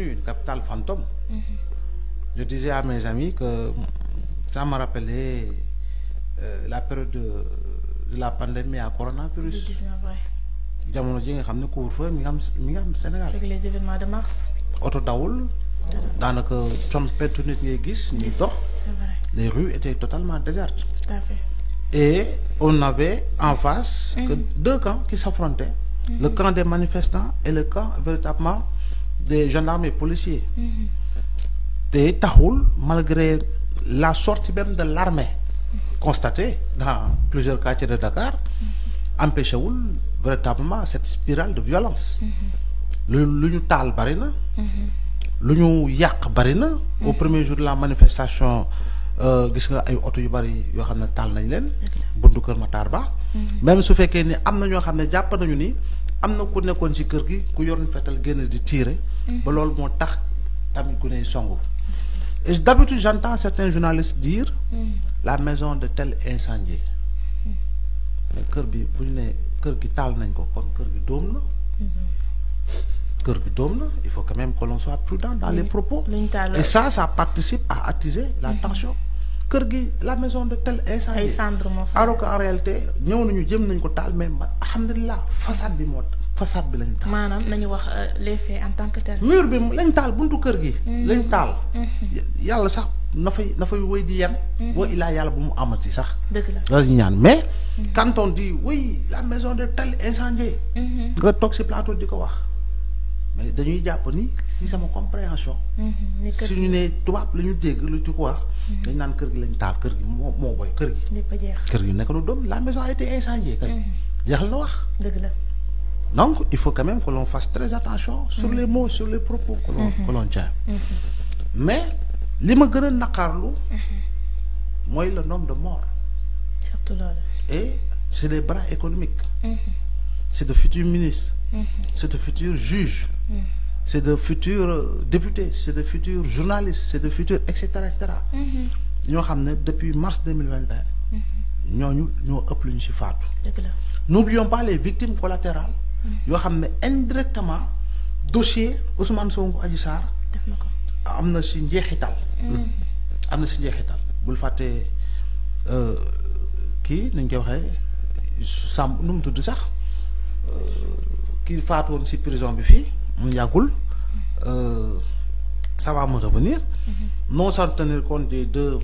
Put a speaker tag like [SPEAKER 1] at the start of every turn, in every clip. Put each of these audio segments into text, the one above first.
[SPEAKER 1] une capitale fantôme.
[SPEAKER 2] Mm-hmm.
[SPEAKER 1] Je disais à mes que ça me rappelait euh, la période de, la pandémie à coronavirus. jamono ji nga xam ne couvre-feu mi nga am mi nga am Sénégal.
[SPEAKER 3] avec
[SPEAKER 1] dawul. daanaka compétu nit ngay gis ñuy dox. les rues étaient totalement désertes. et on avait en face. que mm-hmm. deux camps qui s'affrontaient. Mm-hmm. le camp des manifestants et le camp véritablement. de gendarmes et policiers
[SPEAKER 2] mm-hmm.
[SPEAKER 1] te taxul malgré la sortie même de l'armée constatée dans plusieurs quartiers de Dakar
[SPEAKER 2] mm-hmm.
[SPEAKER 1] empêché wul véritablement cette spirale de violence
[SPEAKER 2] mm-hmm.
[SPEAKER 1] lu lu ñu taal bari na lu ñu yàq bari na au premier jour la manifestation euh, gis nga ay oto yu bari yoo xam ne taal nañ leen buntu kër Matar Ba même su fekkee ni am na ñoo xam ne jàpp nañu ni am na ku nekkoon ci kër gi ku yoroon fetal génn di tiire ba loolu moo tax tamit ku ne songu et d'habitude j'entends certains journalistes dire mm. la maison de tel incendiée mm-hmm. mais kër bi bu ñu ne kër gi taal nañ ko kon kër gi dóom na
[SPEAKER 2] mm-hmm.
[SPEAKER 1] kër gi dóom na il faut quand même que l'on soit prudent dans oui. les mm-hmm. propos et ça ça participe à attiser la mm tension kër gi la maison de tel incendie alors qu'en réalité ñëw nañu jëm nañ ko taal mais alhamdulilah façade bi moo façade bi lañu
[SPEAKER 3] taal. wax euh, les faits en tant que tel. mur
[SPEAKER 1] bi lañ buntu kër gi. Mm-hmm. lañ taal. Mm-hmm. yàlla sax na fay na di yem. boo mm-hmm. ilaa yàlla bu mu amati sax. dëgg la loolu ñaan mais. quand on dit oui la maison de tel incendiée. nga toog si plateau di ko wax. mais dañuy jàpp ni si sama compréhension. su ñu nee tubaab la ñu dégg lu ci wax. dañ naan kër gi lañ taal kër gi moo moo boy kër gi. kër gi nekk lu doom la maison a été incendiée kay. jeex la wax. dëgg la. donc il faut quand même que l'on fasse très attention sur les mots sur les propos que l'on mais li ma gën a naqarlu mooy le nombre de morts surtout et c'est les bras économiques mhm. c'est de futurs ministres mhm. c'est de futurs juges mhm. c'est de futurs euh, députés c'est de futurs journalistes c'est de futurs et cetera et cetera ñoo xam ne depuis mars deux mille vingt et un ñooñu ñoo ëpp lu ñu ci faatu n'oublions pas les victimes collatérales yoo xam ne indirectement dossier Ousmane Sonko Adji Sarr. def na ko am na si njeexital. Mm. am na si njeexital bul fàtte euh, kii nañ koy waxee sàmm nu mu tudd sax euh, kii faatu woon si prison bi fii mu yàggul euh, ça va me revenir. Mm-hmm. non sans tenir compte des deux.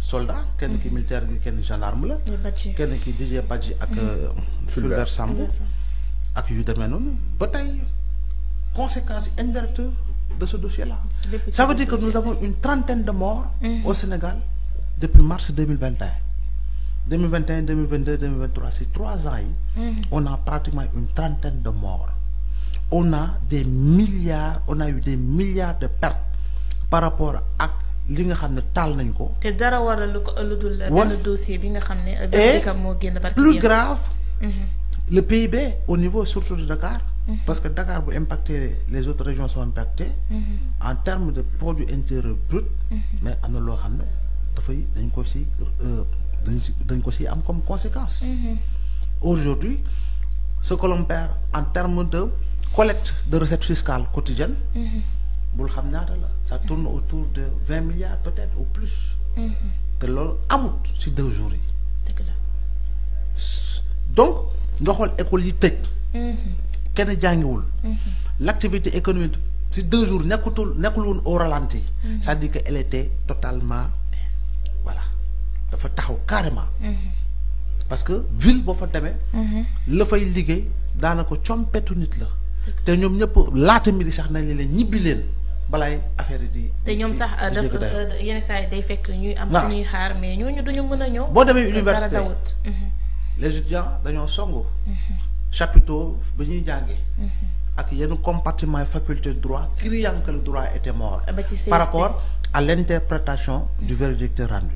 [SPEAKER 1] soldat kenn ki mm-hmm. militaire gi kenn gendarme la. kenn ki Didier Badji ak. Mm-hmm. Fulbert Sambou ak yu demee noonu ba tey conséquence indirectes de ce dossier la ça veut dire que nous avons une trentaine de morts. Mm-hmm. au Sénégal depuis mars deux mille vingt et un. deux mille vingt et un deux mille vingt deux deux mille vingt trois c'est trois ans yi. Mm-hmm. on a pratiquement une trentaine de morts. on a des milliards on a eu des milliards de pertes par rapport ak li nga xam ne taal nañ ko.
[SPEAKER 3] te dara waral lu ko lu dul. dossier bi nga xam ne. moo génn plus grave. Mm-hmm.
[SPEAKER 1] le PIB au niveau surtout de Dakar. Mhm. parce que Dakar bu impacté les autres régions sont impactées. Mhm. en termes de produit intérieur brut. Mhm. mais am na loo xam ne dafay dañ ko si euh, dañ si ko si am comme conséquence. aujourd'hui ce que l'on perd en termes de collecte de recettes fiscales quotidiennes. bul xam ñaata la ça tourne autour de vingt milliards peut-être au plus. te lool amut si deux jours yi. donc. nga xool école yi tëj. Mm-hmm. kenn jàngiwul. Mm-hmm. l' activité économique si deux jours nekkutul nekkul woon au ralenti. Mm-hmm. cest à que elle totalement voilà dafa taxaw carrément. parce que ville boo fa demee. la fay liggéey daanaka compétu nit la. te ñoom ñëpp laata mi sax nañ leen ñibbi leen balaay affaire yi di. te ñoom sax
[SPEAKER 3] yenn saa yi day fekk ñuy am. ñuy xaar mais ñooñu duñu mën a ñëw. boo demee université
[SPEAKER 1] les étudiants dañoo songu. Mm-hmm. chapiteau ba ñuy jàngee. Mm-hmm. ak yenn compartiment faculté de droit criant que le droit était mort. Ah, par rapport à l'interprétation du mm-hmm. verdict rendu.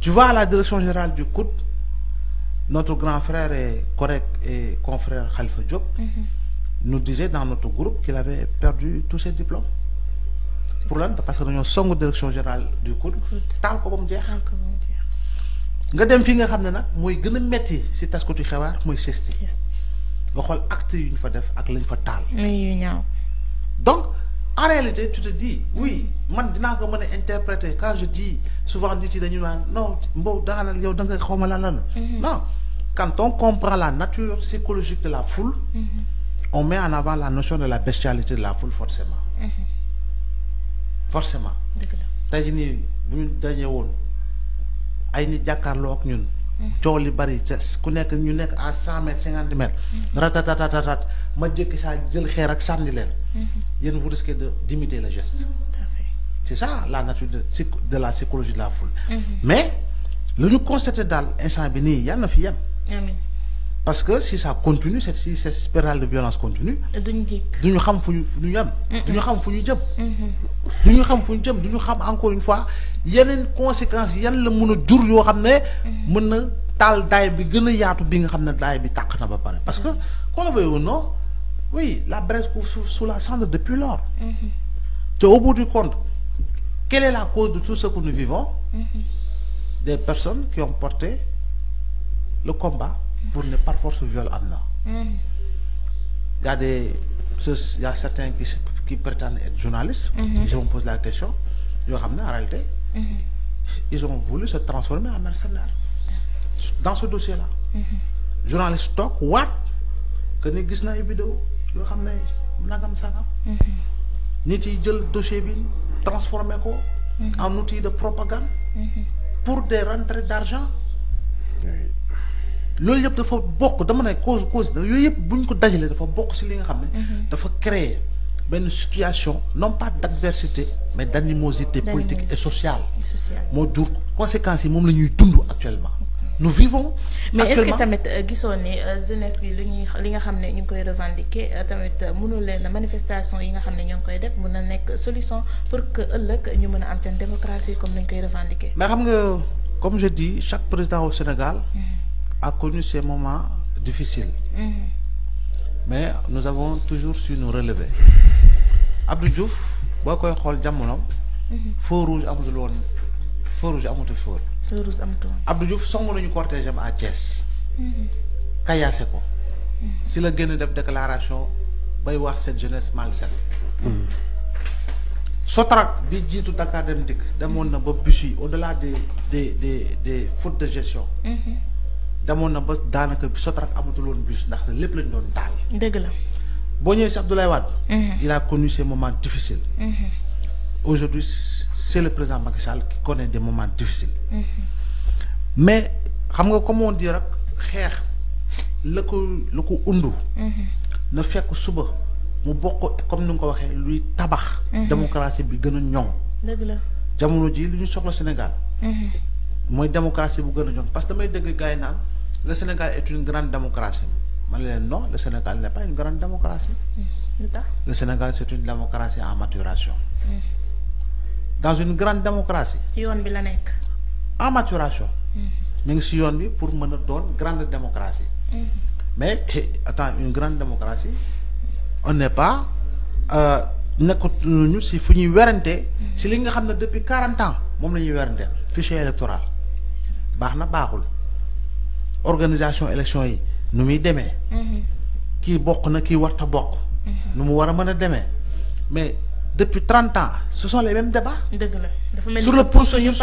[SPEAKER 1] tu vois la direction générale du COUD notre grand frère et correct et confrère Khalifa Diop. nous disait dans notre groupe qu'il avait perdu tous ses diplômes. pour lan parce que dañoo songu direction générale du COUD. taal ko ba mu jeex. nga dem fii nga xam ne nag mooy gën a metti si taskatu xibaar mooy CESTI. nga xool acte yu ñu fa def ak lañ fa taal. yu ñaaw. donc en réalité tu te dis oui man dinaa ko mën a interpréter quand je dis souvent nit yi dañu naan non Mbow daanaka yow da nga xaw ma lan lan. Mm-hmm. non comprend la nature psychologique de la foule. Mm-hmm. on met en avant la notion de la bestialité de la foule forcément. Mm-hmm. forcément. dëgg la tey jii nii bu ñu woon. ay nit jàkkaarloo ak ñun. coow li bari ca ku nekk ñu nekk à cent mètres cinquante mètres. ratatatatat ma jékki saa jël xeer ak sànni leen. yéen vous risquez de d'imiter le geste. ci ça la nature de de la psychologie de la foule. Mm-hmm. mais lu ñu constaté daal instant bi nii yàlla na fi parce que si ça continue cette si cette spirale de violence continue.
[SPEAKER 3] duñu jékki
[SPEAKER 1] xam fu ñu fu ñu yem. ñu xam fu ñu jëm. Mm-hmm. duñu xam fu ñu jëm duñu xam encore une fois yeneen conséquence yan la mën a jur yoo xam ne. Mm-hmm. mën na taal daay bi gën a yaatu bi nga xam ne daay bi tàq na ba pare parce que mm-hmm. qu'on le veuille ou non oui la Bresse coule sous sous la cendre depuis lors. te au du compte quelle la cause de tout ce que des personnes qui ont porté le combat. pour ne par force viol am na. y a des ce y certains qui qui prétendent journalistes. Mm-hmm. je me pose la question yoo xam ne en réalité.
[SPEAKER 2] Mm-hmm.
[SPEAKER 1] ils ont voulu se transformer en mercenaires dans ce dossier là.
[SPEAKER 2] Mm-hmm.
[SPEAKER 1] journaliste toog waat que ni gis na ay vidéo yoo xam ne nangam sangam. ñi ciy jël dossier bi transformé ko. en outil de propagande. pour des rentrées d'argent. loolu yëpp dafa bokk dama ne cause cause yooyu yëpp bu ñu ko dajalee dafa bokk si li nga xam ne. Mhm. dafa créer benn situation non pas d'adversité mais d'animosité politique et sociale. moo jur conséquences yi moom la ñuy dund actuellement. nous vivons. mais est tamit
[SPEAKER 3] euh, gisoon ni euh, jeunesse bi lu ñuy li nga xam ne ñu ngi koy revendiquer euh, tamit mënul leen manifestation yi nga xam ne ñoo ngi koy def mën na nekk solution pour que ëllëg ñu mën a am seen démocratie comme lañ koy revendiquer. maa
[SPEAKER 1] xam nga comme je di chaque président au Sénégal. Mhm. ak connu ses moments difficiles mm mais nous avons toujours su nous relever Abdou boo koy xool jamono mm-hmm. feu rouge amatul woon feu rouge amatul fi woon
[SPEAKER 3] feu rouge amatul woon
[SPEAKER 1] Abdou Diouf song nañu cortège am à Thiès mm-hmm. kayaase ko si la génn def déclaration bay wax cette jeunesse malsaine Sotrac bi jiitu Dakar dem dikk demoon na ba bus yi au-delà des des des des de gestion demoon na ba daanaka Sotrac amatul woon bus ndax lépp lañ doon taal. dëgg la. boo ñëwee si Abdoulaye Wade. Mhm. il a connu ces moments difficiles. Mhm. aujourd'hui c'est le président Macky Sall qui connaît des moments mhm. mais xam nga comme on dit rek xeex la ko la ko undu. na fekk suba mu bokk comme ni nga ko waxee luy tabax. démocratie bi gën a ñoŋ. dëgg la jamono ji lu ñu soxla Sénégal. mooy démocratie bu gën a jot parce que damay dëgg gars yi naan le Sénégal est une grande démocratie man leen non le Sénégal n'est une grande démocratie. le Sénégal c'est une démocratie en maturation. Hmm. dans une grande démocratie.
[SPEAKER 3] ci yoon bi la nekk.
[SPEAKER 1] en maturation. Hmm. mi ngi si yoon bi pour mën a doon grande démocratie. Hmm. mais eh, attends une grande démocratie on n'est pas euh, nekkatuñu si fu ñuy werante si li nga xam ne depuis quarante ans moom la ñuy werante fichier électoral. baax na baaxul organisation élection yi nu muy demee mm-hmm. kii bokk na ki warta bokk
[SPEAKER 2] mm-hmm. nu
[SPEAKER 1] mu war a mën a demee mais depuis trente ans ce sont les mêmes débats dëgg la
[SPEAKER 2] dafa mel ni sur le processus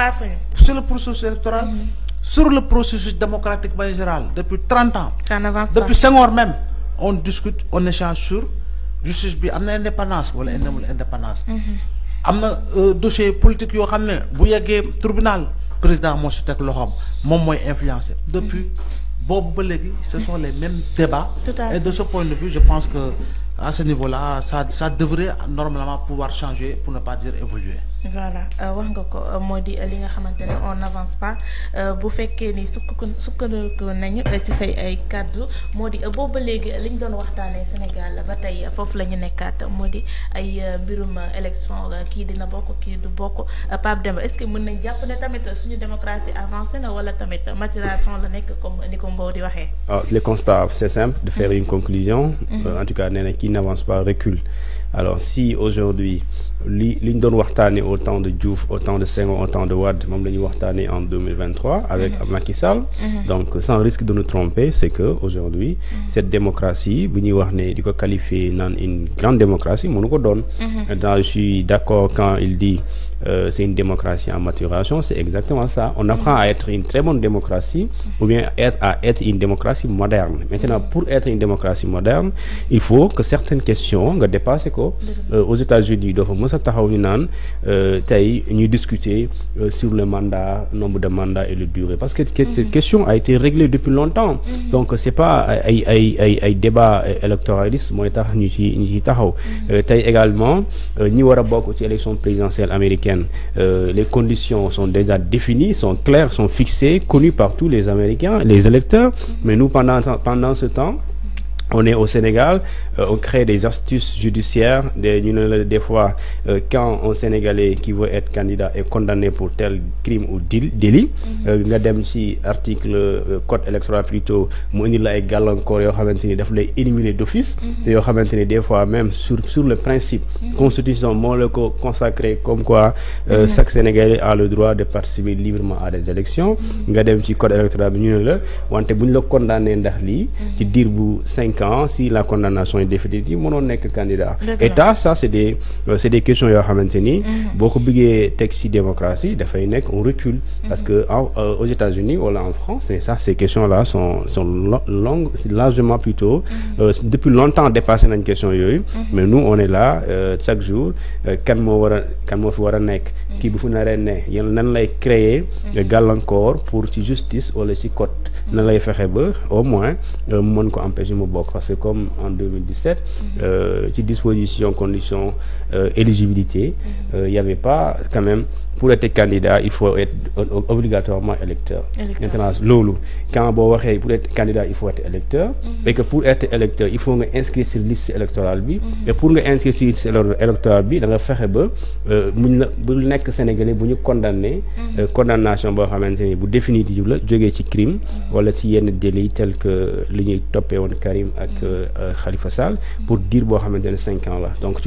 [SPEAKER 1] sur le processus électoral mm -hmm. sur le processus démocratique en général depuis trente ans ça n'avance pas depuis Senghor même on discute on échange sur justice bi am na indépendance wala indépendance mm-hmm. am na euh, dossier politique yoo xam ne bu yeggee tribunal président moo si teg loxoom moom mooy influencé depuis boobu ba léegi ce sont les mêmes débats et de ce point de vue je pense que à ce niveau-là ça ça devrait normalement pouvoir changer pour ne pas dire évoluer.
[SPEAKER 3] voilà euh, wax nga ko euh, moo di euh, li nga xamante ne on n'avance pas bu fekkee ni sukk sukkandiku nañu ci say ay kàddu moo di booba léegi li ñu doon waxtaanee Sénégal ba tey foofu la ñu nekkaat moo di ay mbirum élection kii dina bokk kii du bokk Pape Demba est-ce que mën nañ jàpp ne tamit suñu démocratie avancée na wala tamit maturation la nekk comme ni ko Mbow di waxee.
[SPEAKER 4] Ah, le constat c'est simple. de faire mm-hmm. une conclusion. Mm-hmm. en tout cas nee kii qui n'avance pas recule si aujourd'hui li li ñu doon waxtaanee au temps de Diouf au de Senghor au temps de Wade moom la ñuy waxtaanee en 2023 avec mm -hmm. Macky Sall. Mm -hmm. donc sans risque de nous tromper c'est que aujourd'hui mm-hmm. cette démocratie bu ñuy wax ne di ko qualifier naan une grande démocratie mënu ko doon. Mm-hmm. je suis d'accord quand il dit. euh, c'est une démocratie en maturation c'est exactement ça on apprend à être une très bonne démocratie ou bien être à être une démocratie moderne maintenant pour être une démocratie moderne il faut que certaines questions nga dépasser ko euh, aux États-Unis doo fa mës a taxaw ñu naan euh, tey ñuy discuter euh, sur le mandat nombre de mandats et le durée parce que cette question a été réglée depuis longtemps donc c'est pas ay ay ay ay débat électoraliste mooy tax ñu ci ci taxaw euh, tey également ñi a bokk ci élection américaine. Euh, les conditions sont déjà définies, sont claires, sont fixées, connues par tous les Américains, les électeurs. Mais nous, pendant, pendant ce temps, on est au Sénégal euh, on crée des astuces judiciaires des ñu ne la des fois euh, quand un Sénégalais qui veut être candidat est condamné pour tel crime ou dil délit mhm. euh, nga dem ci article euh, code électoral plutôt moo indi la ay gàllankoor yoo xamante ni daf lay éliminer d'office mhm. te yoo xamante ni des fois même sur sur le principe mhm. constitution moo la ko consacré comme quoi euh, mm -hmm. chaque Sénégalais a le droit de participer librement à des élections nga dem ci code électoral bi ñu ne la wante bu ñu la condamné ndax lii conséquent si la condamnation est définitive mënoo nekk candidat état ça c'est des euh, c'est des yoo xamante ni mhm. boo ko bëggee teg ci démocratie dafay nekk on recule parce que euh, aux États-Unis wala en France et ça ces questions là sont sont longues largement plutôt mhm. euh, depuis longtemps dépassé nañ question yooyu mhm. mais nous on est là chaque jour kan moo war a kan moo fi war a nekk kii bu fu naree ne yéen nan lay créer gàllankoor pour ci justice wala ci code na lay fexe ba au moins euh, mu mën ko empêcher mu bokk parce que comme en 2017 mhm. euh, ci disposition condition euh, éligibilité il mhm. y avait pas quand pour être candidat il faut être obligatoirement électeur maintenant loolu quand boo waxee pour être candidat il faut être électeur mm-hmm. et que pour être électeur il faut nga inscrire sur liste électorale bi mm-hmm. et pour nga inscrire sur liste électorale bi da nga fexe ba euh, mu la bu nekk sénégalais bu ñu condamné mm-hmm. euh, condamnation boo xamante ni bu définitive la jógee ci crime wala ci yenn délit tel que li ñuy toppee woon Karim ak xalifa euh, Sall pour diir boo xamante ne cinq ans la donc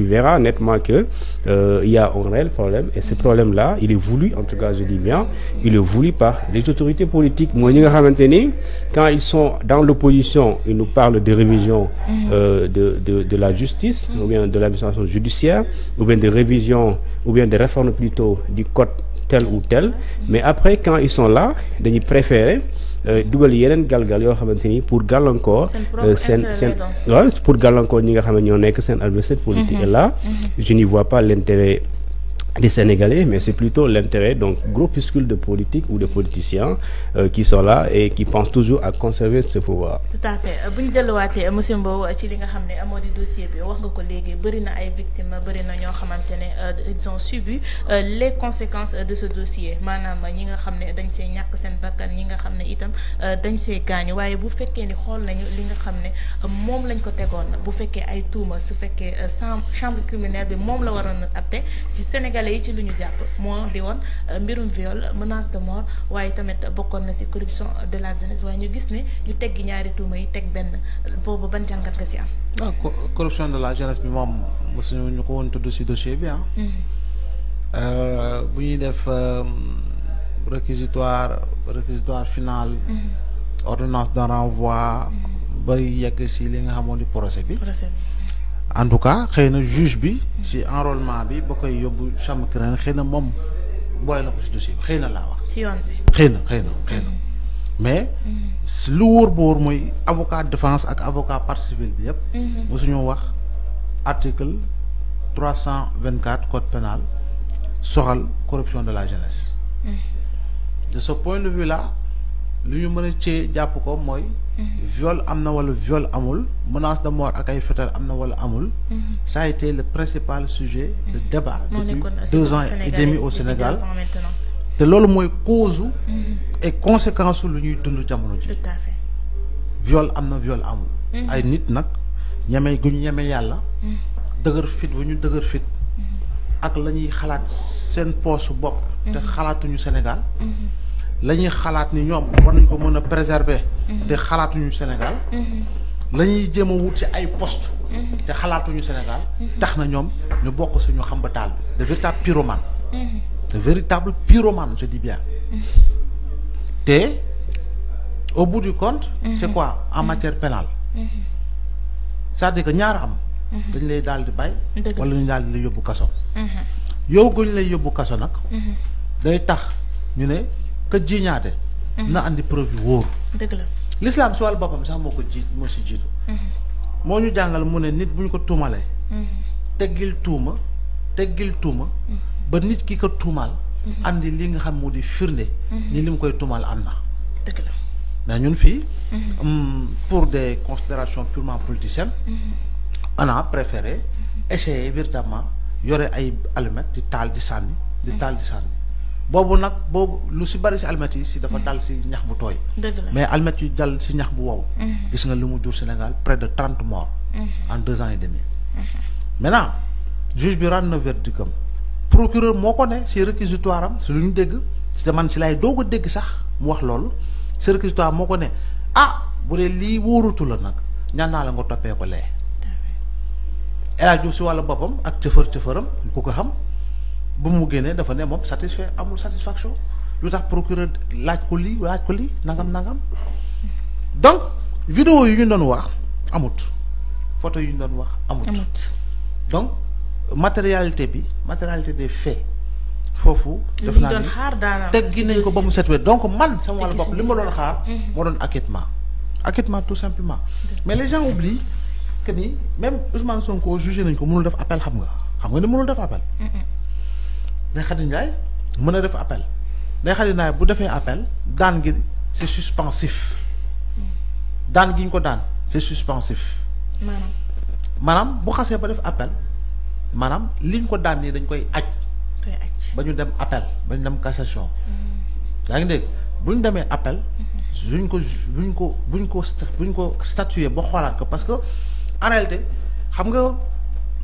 [SPEAKER 4] a il est voulu en tout cas je dis bien il est voulu par les autorités politiques mooy ñi nga xamante quand ils sont dans l'opposition ils nous parlent de révision mm-hmm. euh, de de de la justice ou bien de l'administration judiciaire ou bien de révision ou bien de réforme plutôt du code tel ou tel mais après quand ils sont là dañuy préférer euh, dugal yeneen galgal yoo xamante ni pour gàllankoor seen euh, seen pour gàllankoor ñi nga xam ne ñoo nekk seen adversaire politique mm-hmm. et là mm-hmm. je n'y vois pas l'intérêt des Sénégalais, mais c'est plutôt l'intérêt donc groupuscule de politiques ou de politiciens euh, qui sont là et qui pensent toujours à conserver ce pouvoir.
[SPEAKER 3] tout à fait euh, bu ñu delluwaatee euh, monsieur Mbow euh, ci li nga xam ne moo di wax nga ko léegi bëri na ay victimes bëri na ñoo xamante ne ils ont subi les conséquences maanaam ñi nga xam ne dañ see ñàkk seen bakkan ñi nga xam ne itam dañ see gaañu waaye bu fekkee ni xool nañu li nga xam ne moom lañ ko tegoon bu fekkee ay tuuma su fekkee chambre criminelle bi moom la waroon a atte ci Sénégal. sénégalais yi ci lu ñu jàpp moo di woon euh, mbirum viol menace de mort waaye tamit bokkoon na ci corruption de la jeunesse waaye ñu gis ne ñu teggi ñaari tuuma yi teg benn boobu ban jàngat nga ci am.
[SPEAKER 1] ah la bi moom mosuñu ñu ko woon tudd ci dossier bi ah. Mm-hmm. Euh, bu ñuy def euh, réquisitoire réquisitoire final. Mm-hmm. ordonnance de renvoi. Mm-hmm. bay yegg ci li nga xamoon di procès procès bi. en tout cas xëy na juge bi ci enrôlement bi ba koy yóbbu chambre criminelle xëy na moom boole na ko ci dossier bi xëy na laa wax. ci xëy na xëy na mais. Mm-hmm. lu wóor bu wóor mooy avocat défense ak avocat partie bi yépp mm-hmm. mosuñoo wax article trois cent vingt quatre code pénal soxal corruption de la jeunesse.
[SPEAKER 2] Mm-hmm.
[SPEAKER 1] de ce point de vue là. lu ñu mën a cee jàpp ko mooy. viol am na wala viol amul menace de mort ak ay fetal am na wala amul. Mhm. ça le principal sujet de mhm. débat. depuis deux ans et demi au Sénégal te loolu mooy cause. Mhm. et conséquence lu ñuy dund jamono ji. tout à viol am na viol amul. ay nit nag ñeme gu ñu ñeme yàlla. dëgër fit bu ñu dëgër fit. ak la ñuy xalaat seen poosu bopp. te xalaatuñu Sénégal. la ñuy xalaat ni ñoom war nañ ko mën a préserver. Mhm. te xalaatuñu Sénégal. Mhm. lañuy ñuy a wut ci ay post mhm. te xalaatuñu Sénégal. tax na ñoom ñu bokk suñu xam ba taal de véritable pyromane. de véritable pyromane je dis te au bout du compte. c' quoi en matière pénale. c' est à dire que ñaar am. dañ lay daal di bay. wala ñu daal di yóbbu kaso. yow guñ lay yóbbu kaso nag. day tax ñu ne. que jiiñaate mhm. na andi preuve yu wóor dëgg si wàllu boppam sax moo ko jiit moo si jiitu mhm. moo ñu jàngal mu ne nit bu ñu ko tuumalee mhm. teggil tuuma teggil tuuma ba nit ki ko tuumaal andi li nga xam moo di firnde ni li mu koy tuumaal am na dëgg la mais ñun fii mm, pour des considérations purement politiciennes on a préféré essayer yore ay allumette di taal di sànni di taal di sànni boobu nag boobu lu si bari si almet yi si dafa mm-hmm. dal si ñax bu tooy. mais almet yu dal si ñax bu wow. Mm-hmm. gis nga lu mu jur Sénégal près de trente morts. Mm-hmm. en deux ans et demi. maintenant juge bi rend na verdict procureur moo ko ne si réquisitoire si lu ñu dégg si man si laay doog a dégg sax mu wax loolu si réquisitoire moo ko ne ah bu dee lii wóorutu la nag ñaan naa la nga toppee ko lee. El si wàllu boppam ak cëfër cëfëram ku ko xam. ba mu génnee dafa ne moom satisfait amul satisfaction lu tax procureur laaj ko li laaj ko li nangam nangam donc vidéo yu ñu doon wax amut photo yu ñu doon wax amut donc matérialité bi matérialité des faits foofu def naa ni teggi nañ ko ba mu set wet donc man sama wàllu bopp li ma doon xaar moo doon acquittement acquittement tout simplement mais les gens oublient que ni même Ousmane Sonko jugé nañ ko mënul def appel xam nga xam nga ni mënul def appel Ndeye Khady mën a def appel Ndeye Khady bu defee appel daan gi c'est suspensif daan gi ñu ko daan c'est suspensif. maanaam maanaam bu xasee ba def appel maanaam li ñu ko daan nii dañ koy aj ba ñu dem appel ba ñu dem cassation.
[SPEAKER 2] Mm-hmm.
[SPEAKER 1] yaa ngi de bu ñu demee appel. buñ mm-hmm. ko ko buñ ko buñ ko statuer ba xoolaat ko parce que en réalité xam nga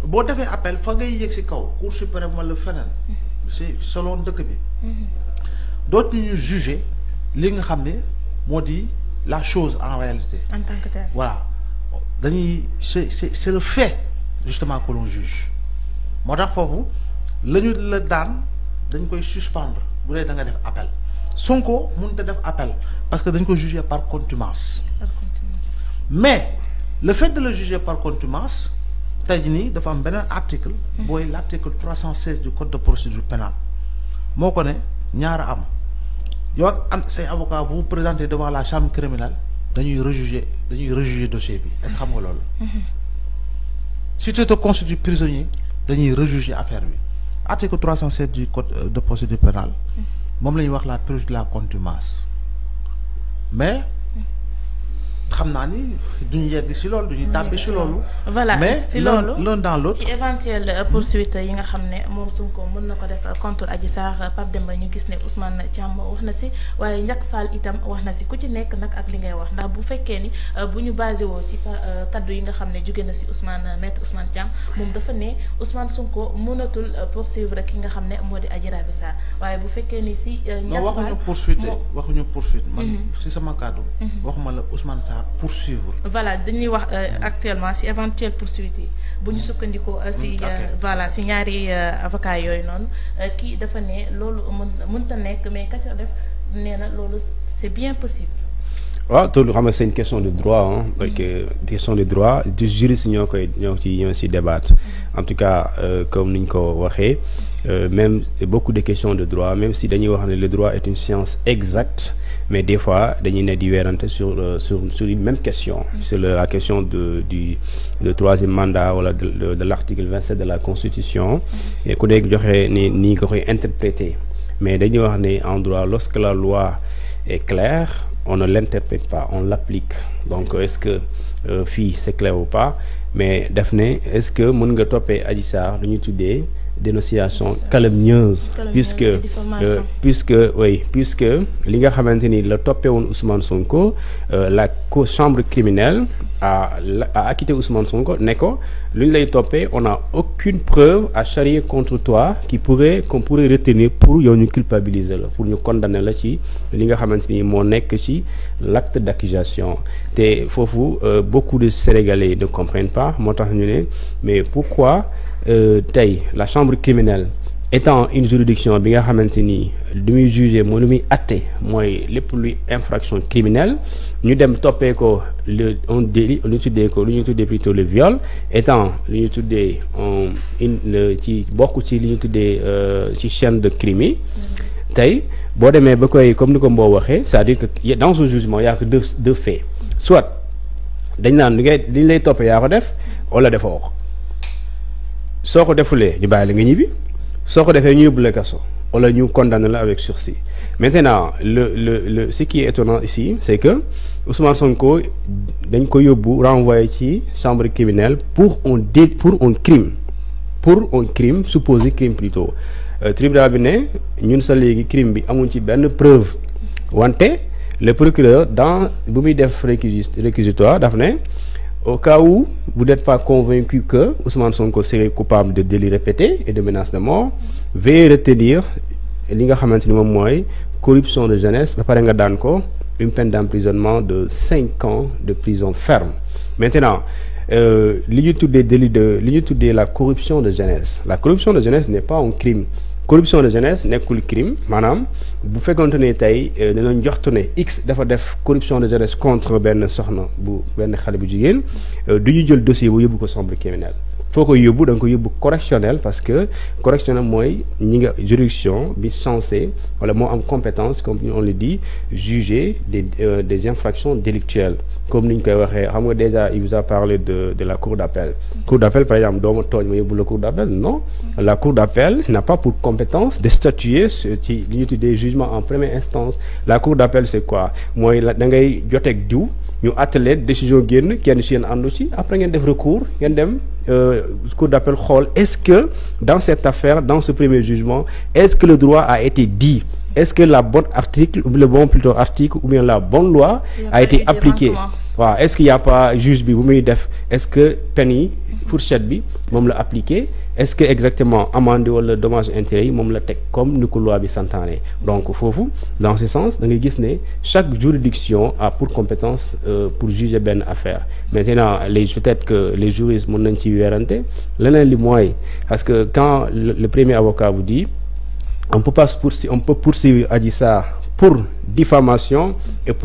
[SPEAKER 1] boo defee appel fa ngay yëg ci kaw cour suprême walla feneen. Mm-hmm. si selon dëkk bi
[SPEAKER 2] mhm.
[SPEAKER 1] dootu ñu juger li nga xam ne moo di la chose en réalité en voilà dañuy c'est c'est c'est le fait justement que juge moo tax foofu lañu ñu la daan dañ koy suspendre bu dee da nga def appel Sonko mënut a def appel parce que dañ ko juger par contumace mais le fait de le juger par contumace tey jii nii dafa am beneen article. booy l' article trois cent seize du code de procédure pénale moo ko ne ñaar a am yow ak say avocat vous présentez devant la chambre criminelle dañuy rejuger dañuy rejuger dossier bi est-ce xam nga loolu. Mm-hmm. si tu te constitues prisonnier dañuy rejuger affaire bi article trois cent seize du code euh, de procédure pénale mm-hmm. moom la ñuy wax la purge de la contumace mais. xam naa ni duñu yegg si loolu duñu tàbbi si loolu. voilà si loolu mais l'un dans l'autre ci
[SPEAKER 3] éventuelle euh, poursuite yi nga xam ne moom Sonko mën na ko def contre Adji Sarr Pape Demba ñu gis ne Ousmane Thiam wax na si waaye Ndiak Fall itam wax na si ku ci nekk nag ak li ngay wax ndax bu fekkee ni euh, bu ñu basé woo ci euh, kaddu yi nga xam ne jóge na si Ousmane maître Ousmane Thiam moom dafa ne Ousmane Sonko mënatul poursuivre ki nga xam ne moo di Adji Rabi Sarr waaye bu fekkee ni si. Ndiak Fall waxuñu
[SPEAKER 1] poursuite waxuñu poursuite man mhm. si sama kaddu. Mhm. à poursuivre.
[SPEAKER 3] voilà dañuy wax euh, actuellement si éventuelle poursuite yi bu ñu sukkandikoo. Euh, si mm, euh, voilà si ñaari avocat yooyu noonu kii dafa ne loolu mën ta nekk mais ka ne def nee na loolu c'est bien possible.
[SPEAKER 4] waaw loolu xam nga c'est une question de droit mm. ah. donc question de droit du juriste ñoo koy ñoo ci ñoo ci débattre mm. en tout cas comme ni ñu ko waxee même beaucoup de questions de droit même si dañuy wax ne le droit est une science exacte. mais des fois dañuy ne di su sur euh, sur sur une même question sur la question de du de troisième mandat wala de de l'article 27 de la constitution ku nekk joxe ni nii nga koy interpréter mais dañuy wax ne en droit lorsque la loi est claire on ne l'interprète pas on l'applique donc est-ce que euh, fii c'est clair ou pa mais daf ne est-ce que mun nga toppee Adji Sarr lu ñu tuddee dénonciation calomnieuse puisque euh, puisque oui puisque li nga xamante ni la toppee woon Ousmane Sonko euh, la co chambre criminelle a a acquitté Ousmane Sonko ne ko lu ñu lay toppee on a aucune preuve à charrier contre toi ki pourrait qu'on pourrait retenir pour yow ñu culpabiliser la pour ñu condamner la ci li nga xamante ni moo nekk ci l'acte d'accusation te foofu euh, beaucoup de Sénégalais ne comprennent pas moo tax ñu ne mais pourquoi Euh, tey la chambre criminelle étant une juridiction bi nga xamante ni lu muy juger mooy lu muy atte mooy lépp luy infraction criminelle ñu dem toppee ko le on délit lu ñu tuddee ko lu ñu tuddee plutôt lu ñu tuddee on euh, une ci bokk ci li ñu tuddee euh, ci chaine de crime yi tey boo demee ba koy comme ni ko Mbow waxee c'est-à-dire que dans ce jugement y a que deux deux soit dañ naan li ngay li ñu lay toppee yaa ko def wala defoo ko soo ko defulee ñu bàyyi la nga ñibbi soo ko defee ñu yóbbu la kaso wala ñu condamné la avec sursis maintenant le le le ce qui est étonnant ici c'est que Ousmane Sonko dañ ko yóbbu renvoyé ci chambre criminelle pour un dé pour un crime pour un crime supposé crime plutôt euh, tribunal bi ne ñun sa léegi crime bi amuñ ci benn preuve wante le procureur dans bu muy def réquisitoire daf ne au cas où vous n'êtes pas convaincu que Ousmane Sonko serait coupable de délits répétés et de menaces de mort veuillez retenir li nga xamante ni moom mooy corruption de jeunesse ba pare nga daan ko une peine d'emprisonnement de cinq ans de prison ferme maintenant euh, li ñu tuddee délit de li ñu tuddee la corruption de jeunesse la corruption de jeunesse n'est pas un crime corruption de jeunesse nekkul crime maanaam bu fekkonte ne tey euh, dañoo njoxtu ne x dafa def corruption de jeunesse contre benn soxna bu benn xale bu jigéen euh, du ñu jël dossier bu yóbbu ko chambre criminelle foo koy yóbbu da yóbbu correctionnel parce que correctionnel mooy ñi nga juridiction bi censé wala moo am compétence comme on le dit juger des euh, des infractions délictuelles comme ni ñu koy waxee xam nga déjà il vous a parlé de de la cour d'appel cour d'appel par exemple dooma tooñ ma yóbbu la cour d'appel non la cour d'appel n'a pas pour compétence de ci li ñu tuddee jugement en première instance la cour d'appel c'est quoi mooy la da ngay joteeg diw ñu attelé décision génn kenn si yéen àndu si après ngeen def ngeen dem Euh, cour d'appel xool est-ce que dans cette affaire dans ce premier jugement est-ce que le droit a été dit est-ce que la bonne article ou le bon plutôt article ou bien la bonne loi a été appliquée waaw est-ce qu'il y a pas juge bi bu muy def est-ce que peine yi fourchette bi moom la appliquer est-ce que exactement amende wala dommage intérêt yi moom la teg comme ni ko loi bi santaane donc foofu dans ce sens da ngay gis ne chaque juridiction a pour compétence euh, pour juger benn affaire maintenant les peut-être que les juristes mën nañ ci weerante leneen li mooy parce que quand le, le premier avocat vous dit on peut pas poursuivre on peut poursuivre Adji pour diffamation et